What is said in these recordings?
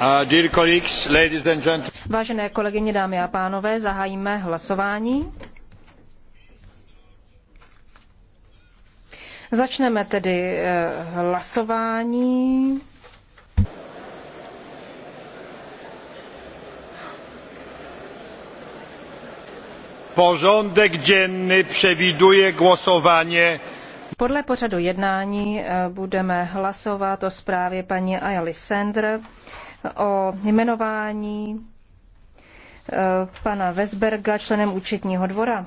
Uh, Vážené kolegyně, dámy a pánové, zahájíme hlasování. Začneme tedy eh, hlasování. Pořádek denní převiduje hlasování. Podle pořadu jednání eh, budeme hlasovat o zprávě paní Ayali Sender o jmenování eh, pana Vesberga členem účetního dvora.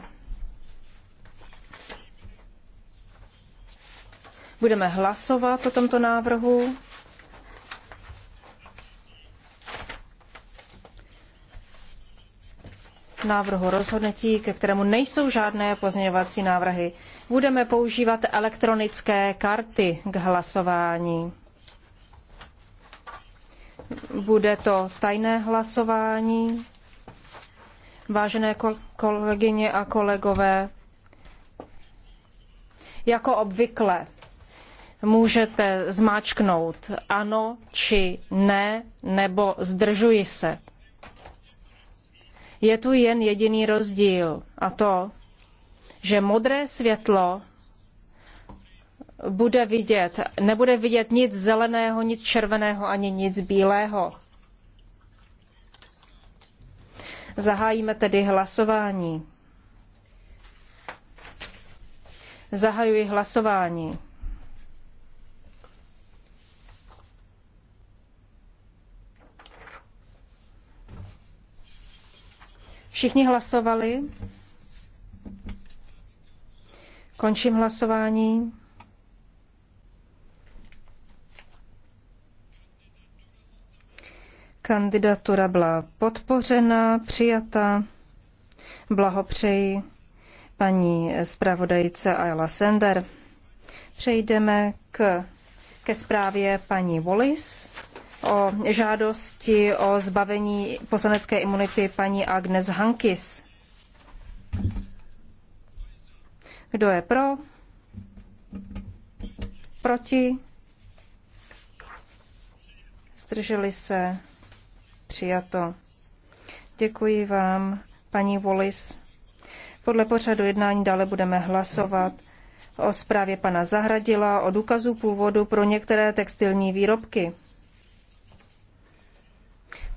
Budeme hlasovat o tomto návrhu. návrhu rozhodnutí, ke kterému nejsou žádné pozměňovací návrhy. Budeme používat elektronické karty k hlasování. Bude to tajné hlasování. Vážené kolegyně a kolegové, jako obvykle můžete zmáčknout ano či ne nebo zdržuji se. Je tu jen jediný rozdíl a to, že modré světlo bude vidět, nebude vidět nic zeleného, nic červeného ani nic bílého. Zahájíme tedy hlasování. Zahajuji hlasování. Všichni hlasovali? Končím hlasování. Kandidatura byla podpořena, přijata. Blahopřeji paní zpravodajce Ayla Sender. Přejdeme k, ke zprávě paní Wallis o žádosti o zbavení poslanecké imunity paní Agnes Hankis. Kdo je pro? Proti? Zdrželi se? přijato. Děkuji vám, paní Wallis. Podle pořadu jednání dále budeme hlasovat o zprávě pana Zahradila o důkazu původu pro některé textilní výrobky.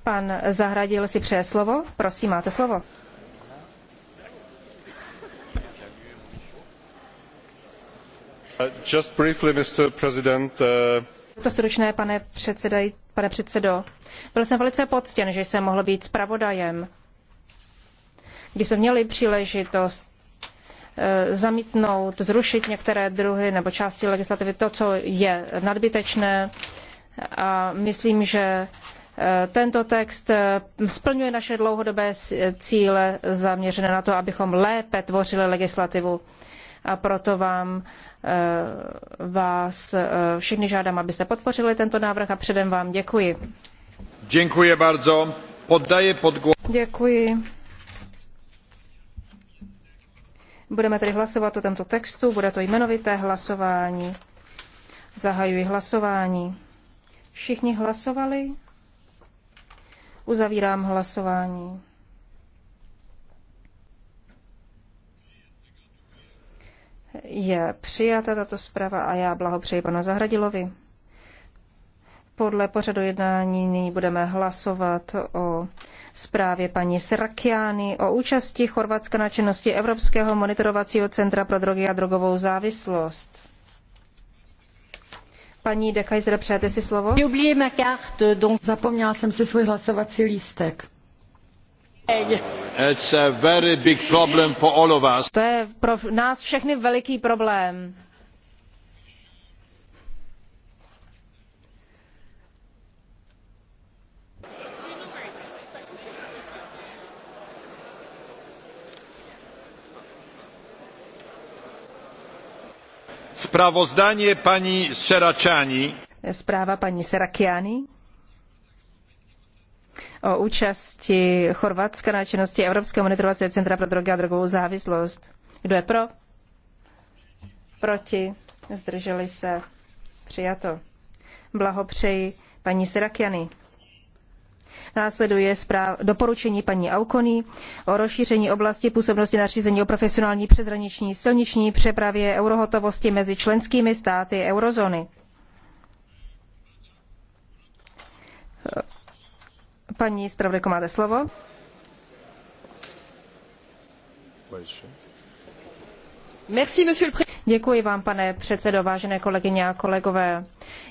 Pan Zahradil si přeje slovo. Prosím, máte slovo. Uh, just briefly, Mr. President, uh... To stručné, pane předsedající pane předsedo. Byl jsem velice poctěn, že jsem mohl být zpravodajem. Když jsme měli příležitost eh, zamítnout, zrušit některé druhy nebo části legislativy, to, co je nadbytečné. A myslím, že eh, tento text eh, splňuje naše dlouhodobé cíle zaměřené na to, abychom lépe tvořili legislativu. A proto vám Eh, vás eh, všechny žádám, abyste podpořili tento návrh a předem vám děkuji. Děkuji bardzo. Poddaję pod Děkuji. Budeme tedy hlasovat o tomto textu, bude to jmenovité hlasování. Zahajuji hlasování. Všichni hlasovali? Uzavírám hlasování. je přijata tato zpráva a já blahopřeji panu Zahradilovi. Podle pořadu jednání nyní budeme hlasovat o zprávě paní Srakiány o účasti Chorvatska na činnosti Evropského monitorovacího centra pro drogy a drogovou závislost. Paní Dekajzer, přejete si slovo? Zapomněla jsem si svůj hlasovací lístek. It's a very big problem for all of us. To je pro nás všechny veliký problém. Sprawozdanie pani Seraciani. Zpráva paní Serakiani o účasti Chorvatska na činnosti Evropského monitorovacího centra pro drogy a drogovou závislost. Kdo je pro? Proti? Zdrželi se? Přijato. Blahopřeji paní Serakiany. Následuje zpráv, doporučení paní Aukony o rozšíření oblasti působnosti nařízení o profesionální přezraniční silniční přepravě eurohotovosti mezi členskými státy eurozóny. Paní zpravodajko, máte slovo. Děkuji vám, pane předsedo, vážené kolegyně a kolegové.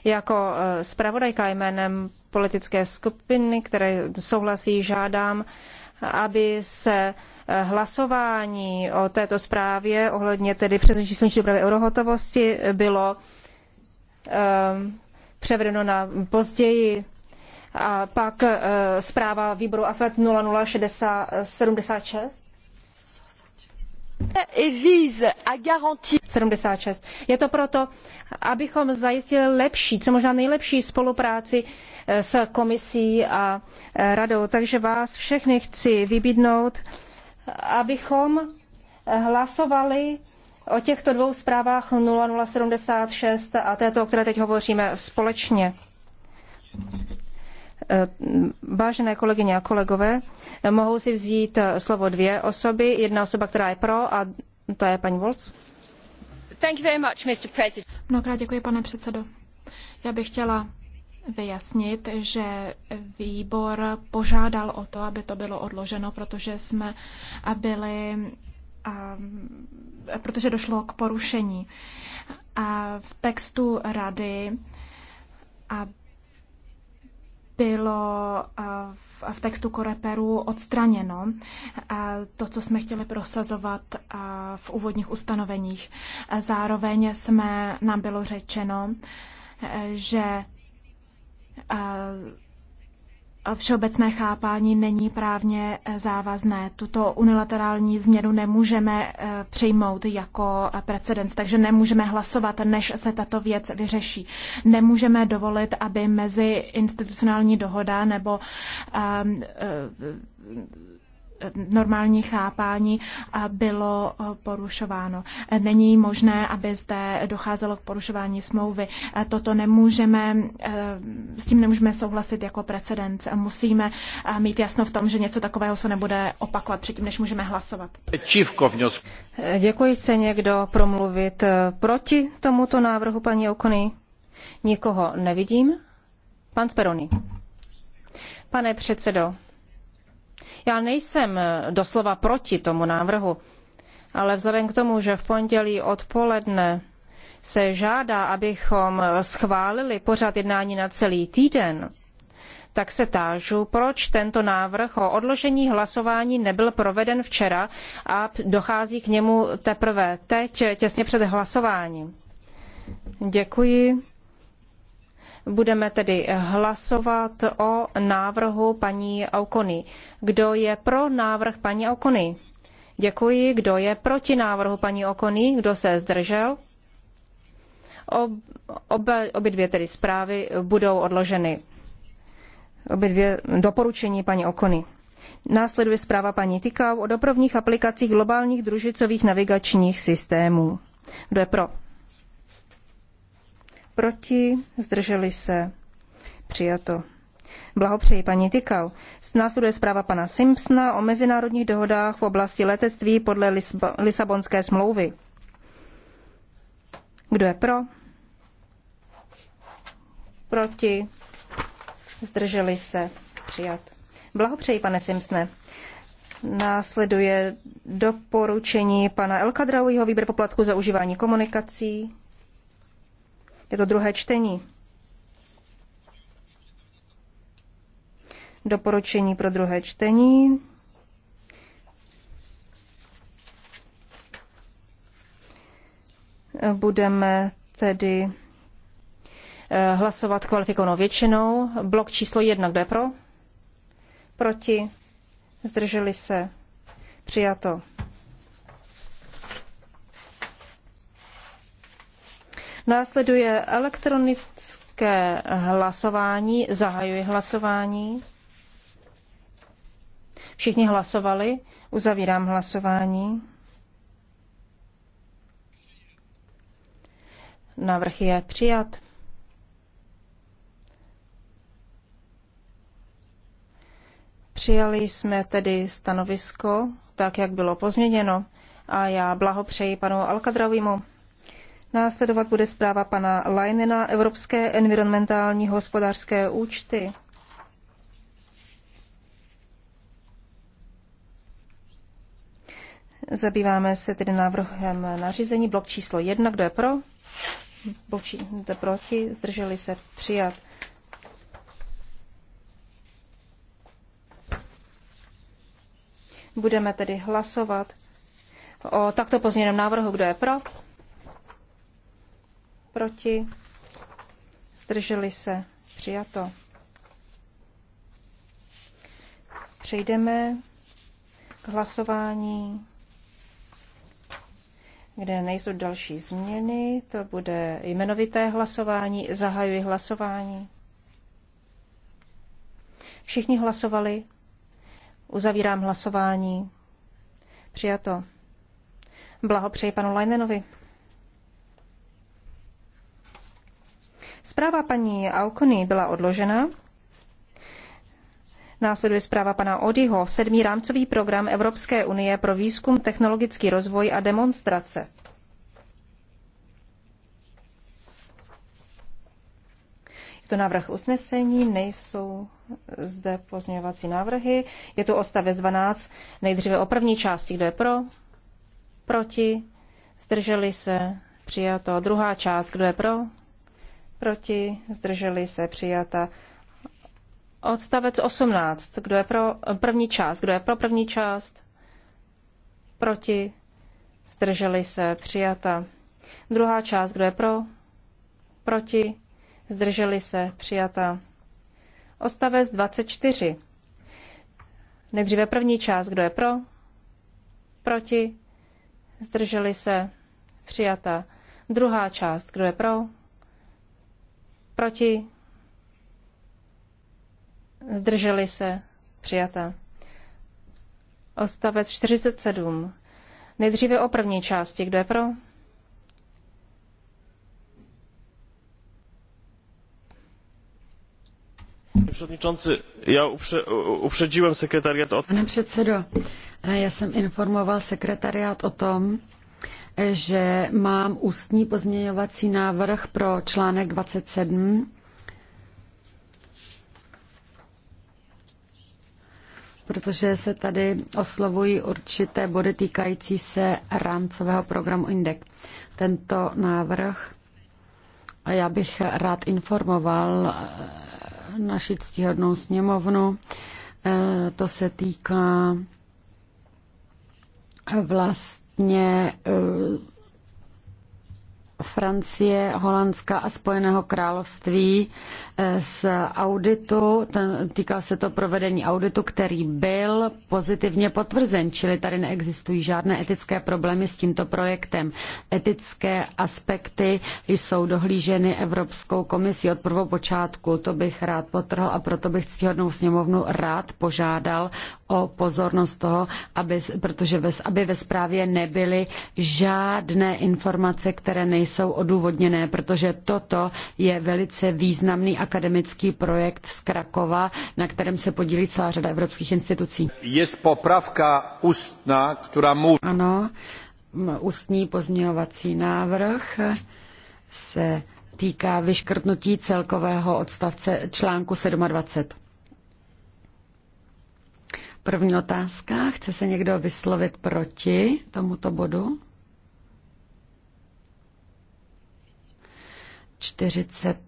Jako eh, zpravodajka jménem politické skupiny, které souhlasí, žádám, aby se eh, hlasování o této zprávě ohledně tedy přesnější sluneční dopravy eurohotovosti bylo um, převedeno na později a pak e, zpráva výboru AFET 0076. 76. Je to proto, abychom zajistili lepší, co možná nejlepší spolupráci e, s komisí a e, radou. Takže vás všechny chci vybídnout, abychom hlasovali o těchto dvou zprávách 0076 a této, o které teď hovoříme, společně. Eh, vážené kolegyně a kolegové, mohou si vzít eh, slovo dvě osoby. Jedna osoba, která je pro, a to je paní Volc. Mnohokrát děkuji, pane předsedo. Já bych chtěla vyjasnit, že výbor požádal o to, aby to bylo odloženo, protože jsme eh, byli a, protože došlo k porušení. A v textu rady a bylo eh, v textu Koreperu odstraněno eh, to, co jsme chtěli prosazovat eh, v úvodních ustanoveních. Zároveň jsme, nám bylo řečeno, že všeobecné chápání není právně eh, závazné. Tuto unilaterální změnu nemůžeme eh, přijmout jako eh, precedens, takže nemůžeme hlasovat, než se tato věc vyřeší. Nemůžeme dovolit, aby mezi institucionální dohoda nebo um, uh, normální chápání bylo eh, porušováno. Není možné, aby zde docházelo k porušování smlouvy. Eh, Toto nemůžeme, eh, s tím nemůžeme souhlasit jako precedent. Musíme mít jasno v tom, že něco takového se nebude opakovat předtím, než můžeme hlasovat. Děkuji, se někdo promluvit proti tomuto návrhu, paní Okony? Nikoho nevidím. Pan Speroni. Pane předsedo, já nejsem eh, doslova proti tomu návrhu, ale vzhledem k tomu, že v pondělí odpoledne se žádá, abychom eh, schválili pořad jednání na celý týden, tak se tážu, proč tento návrh o odložení hlasování nebyl proveden včera a dochází k němu teprve teď, eh, těsně před hlasováním. Děkuji. Budeme tedy hlasovat o návrhu paní Aukony. Kdo je pro návrh paní Aukony? Děkuji. Kdo je proti návrhu paní Okony? Kdo se zdržel? Ob, obě, obě dvě tedy zprávy budou odloženy. Obě dvě doporučení paní Okony. Následuje zpráva paní Tykau o dopravních aplikacích globálních družicových navigačních systémů. Kdo je pro? proti, zdrželi se, přijato. Blahopřeji paní Tykal. Následuje zpráva pana Simpsona o mezinárodních dohodách v oblasti letectví podle Lisb- Lisabonské smlouvy. Kdo je pro? Proti? Zdrželi se? Přijat. Blahopřeji, pane Simpsone. Následuje doporučení pana Elkadraujího výběr poplatku za užívání komunikací. Je to druhé čtení. Doporučení pro druhé čtení. Budeme tedy eh, hlasovat kvalifikovanou většinou. Blok číslo jedna, kdo je pro? Proti? Zdrželi se? Přijato. Následuje elektronické hlasování. Zahajuji hlasování. Všichni hlasovali. Uzavírám hlasování. Návrh je přijat. Přijali jsme tedy stanovisko, tak jak bylo pozměněno. A já blahopřeji panu Alkadravimu. Následovat bude zpráva pana Leinena Evropské environmentální hospodářské účty. Zabýváme se tedy návrhem nařízení. Blok číslo 1, kdo je pro? Blok či, kdo je proti? Zdrželi se přijat. Budeme tedy hlasovat o takto pozměněném návrhu. Kdo je pro? proti, zdrželi se, přijato. Přejdeme k hlasování, kde nejsou další změny. To bude jmenovité hlasování. Zahajuji hlasování. Všichni hlasovali. Uzavírám hlasování. Přijato. Blahopřeji panu Lajnenovi. Zpráva paní Aukony byla odložena. Následuje zpráva pana Odyho, sedmý rámcový program Evropské unie pro výzkum, technologický rozvoj a demonstrace. Je to návrh usnesení, nejsou zde pozměňovací návrhy. Je to odstavec 12, nejdříve o první části, kdo je pro, proti, zdrželi se, přijato. Druhá část, kdo je pro, proti, zdrželi se přijata. Odstavec 18. Kdo je pro první část? Kdo je pro první část? Proti, zdrželi se přijata. Druhá část. Kdo je pro? Proti, zdrželi se přijata. Odstavec 24. Nejdříve první část. Kdo je pro? Proti, zdrželi se přijata. Druhá část. Kdo je pro? Proti? Zdrželi se? Přijata. Ostavec 47. Nejdříve o první části. Kdo je pro? já upře, upředívám sekretariat o... Pane předsedo, já jsem informoval sekretariát o tom, že mám ústní pozměňovací návrh pro článek 27 protože se tady oslovují určité body týkající se rámcového programu INDEC. Tento návrh a já bych rád informoval eh, naši ctihodnou sněmovnu. Eh, to se týká vlast včetně eh, Francie, Holandska a Spojeného království eh, z auditu. Ten, týkal se to provedení auditu, který byl pozitivně potvrzen, čili tady neexistují žádné etické problémy s tímto projektem. Etické aspekty jsou dohlíženy Evropskou komisí od prvopočátku. To bych rád potrhl a proto bych ctihodnou sněmovnu rád požádal o pozornost toho, aby, protože ve, aby ve zprávě nebyly žádné informace, které nejsou odůvodněné, protože toto je velice významný akademický projekt z Krakova, na kterém se podílí celá řada evropských institucí. Je popravka ústná, která mu... Ano, ústní pozměňovací návrh se týká vyškrtnutí celkového odstavce článku 27. První otázka. Chce se někdo vyslovit proti tomuto bodu? 40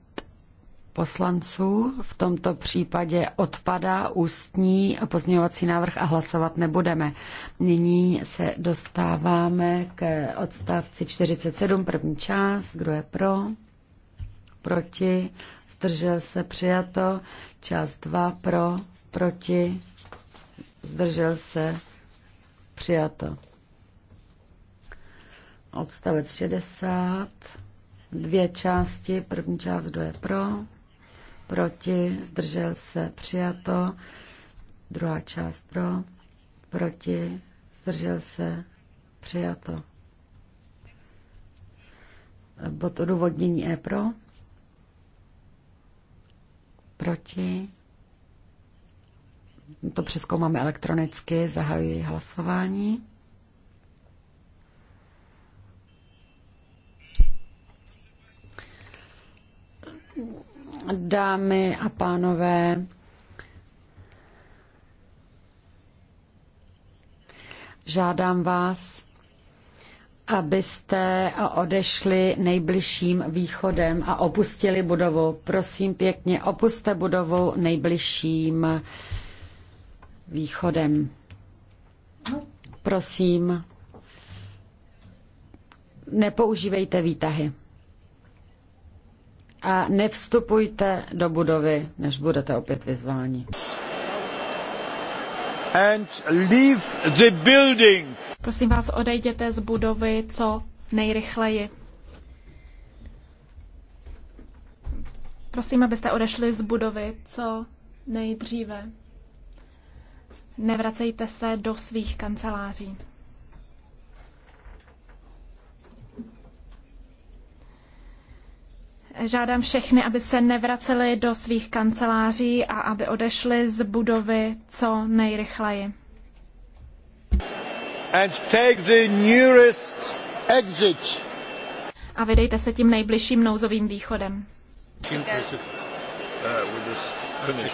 poslanců. V tomto případě odpadá ústní pozměňovací návrh a hlasovat nebudeme. Nyní se dostáváme k odstavci 47, první část. Kdo je pro? Proti? Zdržel se přijato. Část 2 pro? Proti? zdržel se, přijato. Odstavec 60, dvě části, první část, kdo je pro, proti, zdržel se, přijato, druhá část pro, proti, zdržel se, přijato. Bod odůvodnění je pro, proti, to přeskoumáme elektronicky, zahajuji hlasování. Dámy a pánové, žádám vás, abyste odešli nejbližším východem a opustili budovu. Prosím pěkně, opuste budovu nejbližším východem. Prosím, nepoužívejte výtahy. A nevstupujte do budovy, než budete opět vyzváni. And leave the building. Prosím vás, odejděte z budovy co nejrychleji. Prosím, abyste odešli z budovy co nejdříve. Nevracejte se do svých kanceláří. Žádám všechny, aby se nevraceli do svých kanceláří a aby odešli z budovy co nejrychleji. And take the nearest exit. A vydejte se tím nejbližším nouzovým východem. Uh,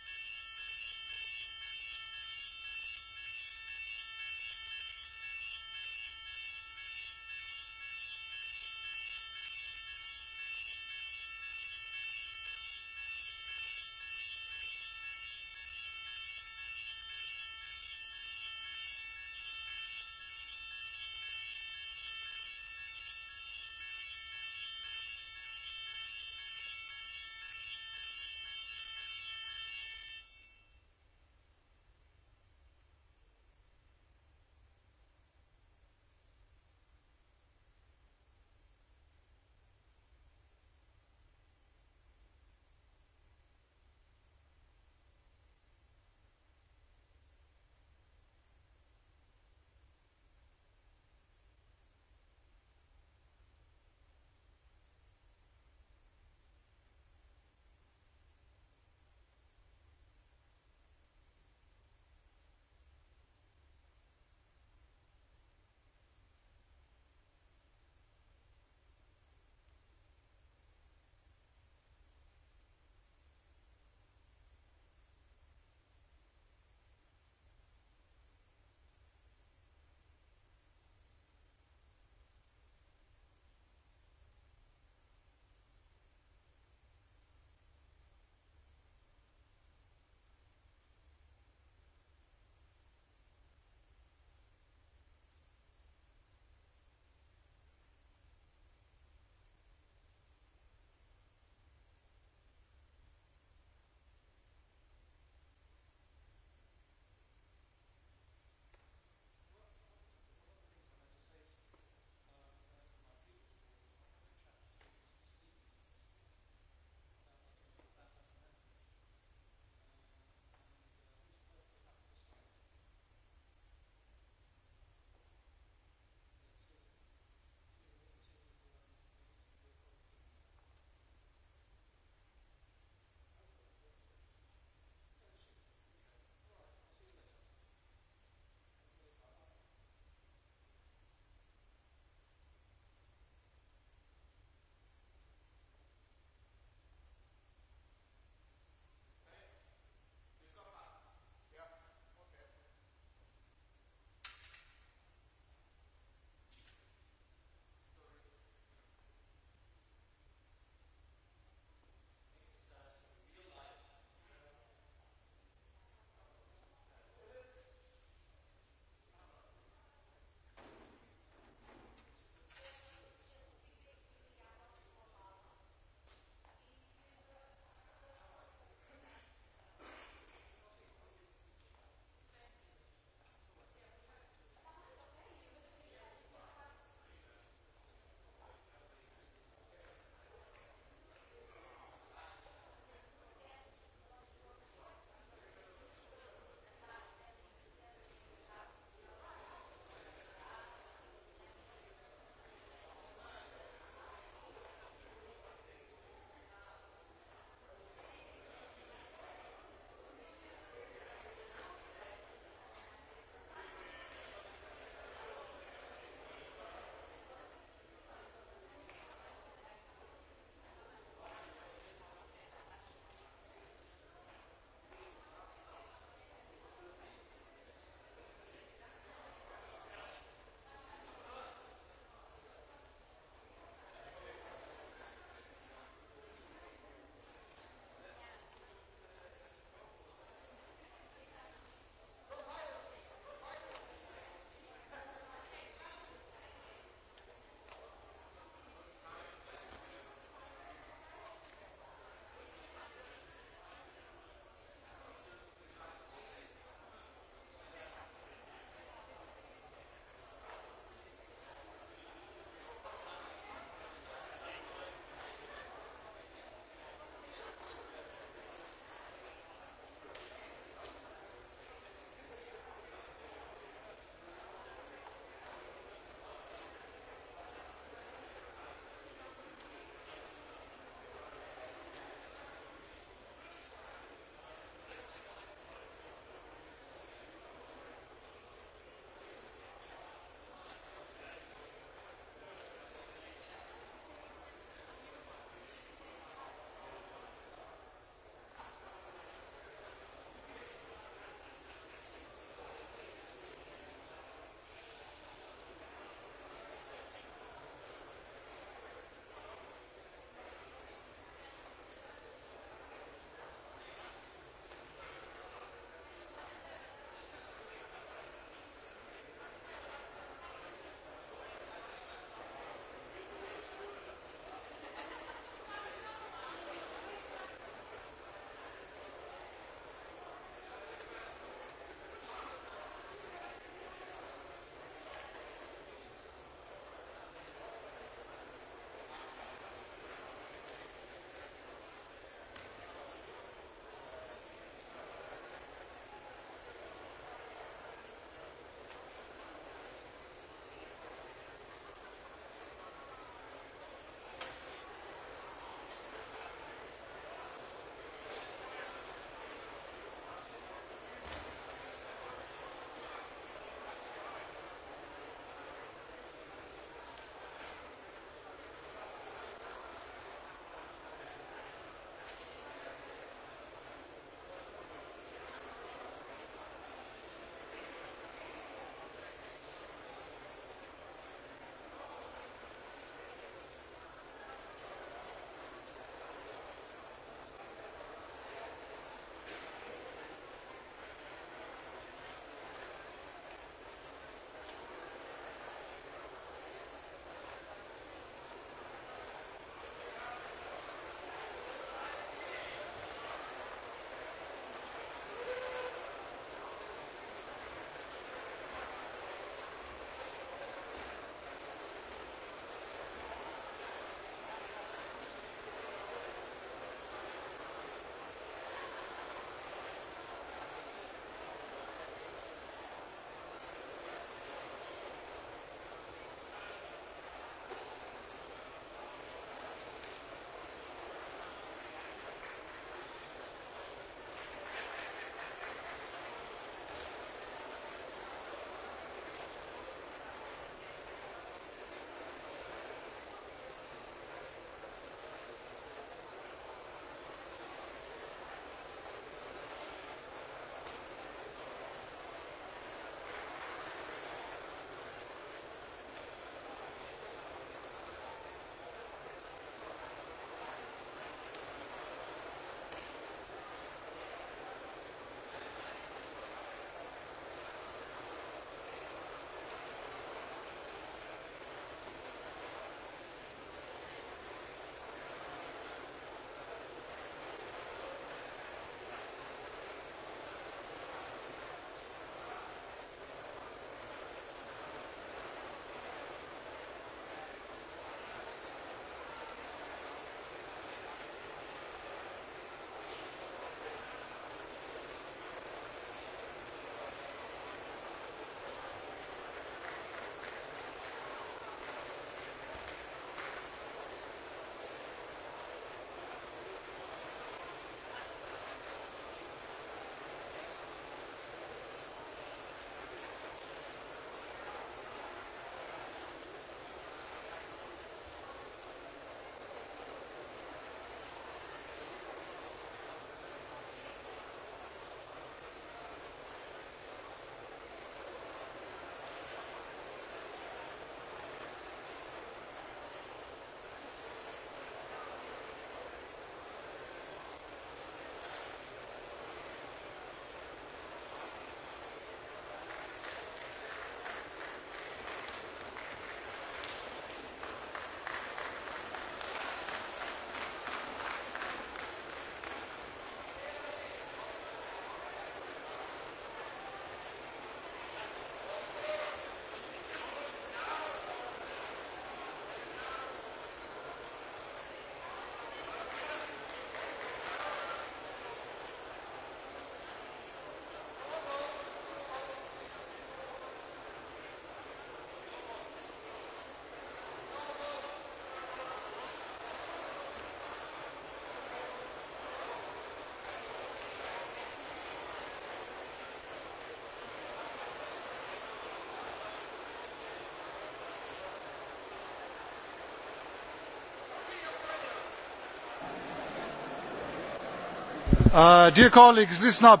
Uh, dear colleagues, listen up.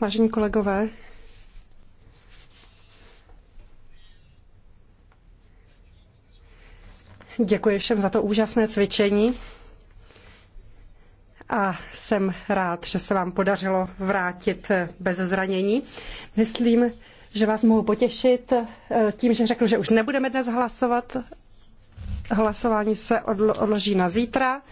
Vážení kolegové, děkuji všem za to úžasné cvičení a jsem rád, že se vám podařilo vrátit bez zranění. Myslím, že vás mohu potěšit eh, tím, že řeknu, že už nebudeme dnes hlasovat. Hlasování se odloží na zítra.